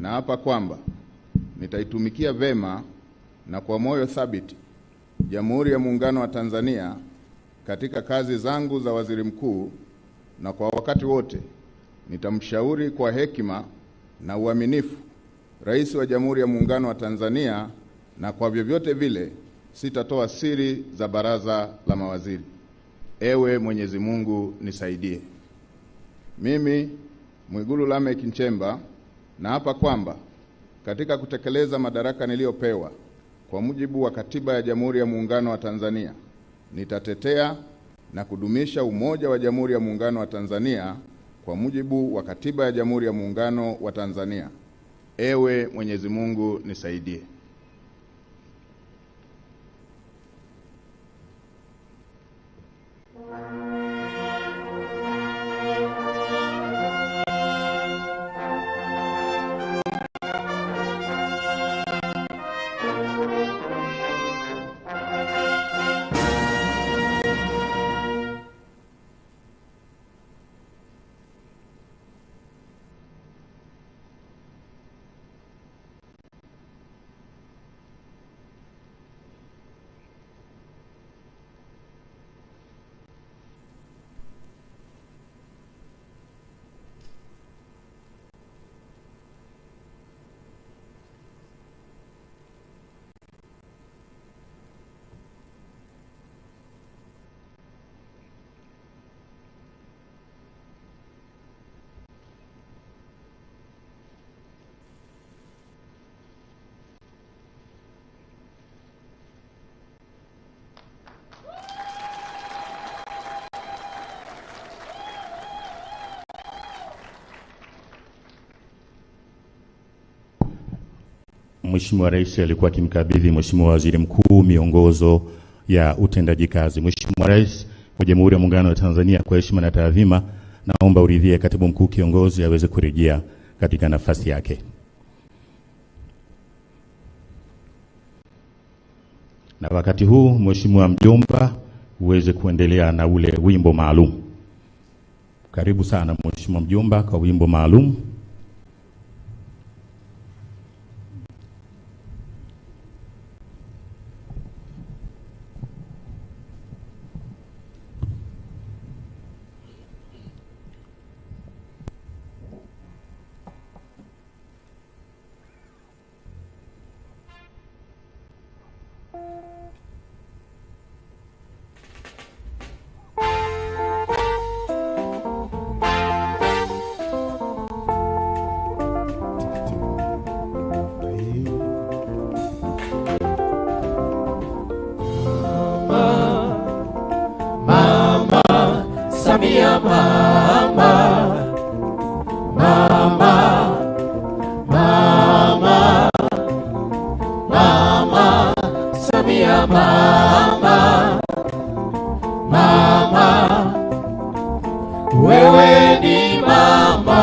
Naapa kwamba nitaitumikia vema na kwa moyo thabiti Jamhuri ya Muungano wa Tanzania katika kazi zangu za waziri mkuu, na kwa wakati wote nitamshauri kwa hekima na uaminifu Rais wa Jamhuri ya Muungano wa Tanzania, na kwa vyovyote vile sitatoa siri za baraza la mawaziri. Ewe Mwenyezi Mungu nisaidie. Mimi Mwigulu Lameck Nchemba Naapa kwamba katika kutekeleza madaraka niliyopewa kwa mujibu wa Katiba ya Jamhuri ya Muungano wa Tanzania, nitatetea na kudumisha umoja wa Jamhuri ya Muungano wa Tanzania kwa mujibu wa Katiba ya Jamhuri ya Muungano wa Tanzania. Ewe Mwenyezi Mungu nisaidie. Mheshimiwa Rais alikuwa akimkabidhi Mheshimiwa Waziri Mkuu miongozo ya utendaji kazi. Mheshimiwa Rais wa Jamhuri ya Muungano wa Tanzania, kwa heshima na taadhima, naomba uridhie Katibu Mkuu kiongozi aweze kurejea katika nafasi yake. Na wakati huu Mheshimiwa mjomba uweze kuendelea na ule wimbo maalum. Karibu sana Mheshimiwa mjomba kwa wimbo maalum. Maria mama, mama, mama, mama Samia mama, mama, wewe ni mama,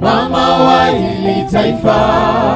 mama wa hili taifa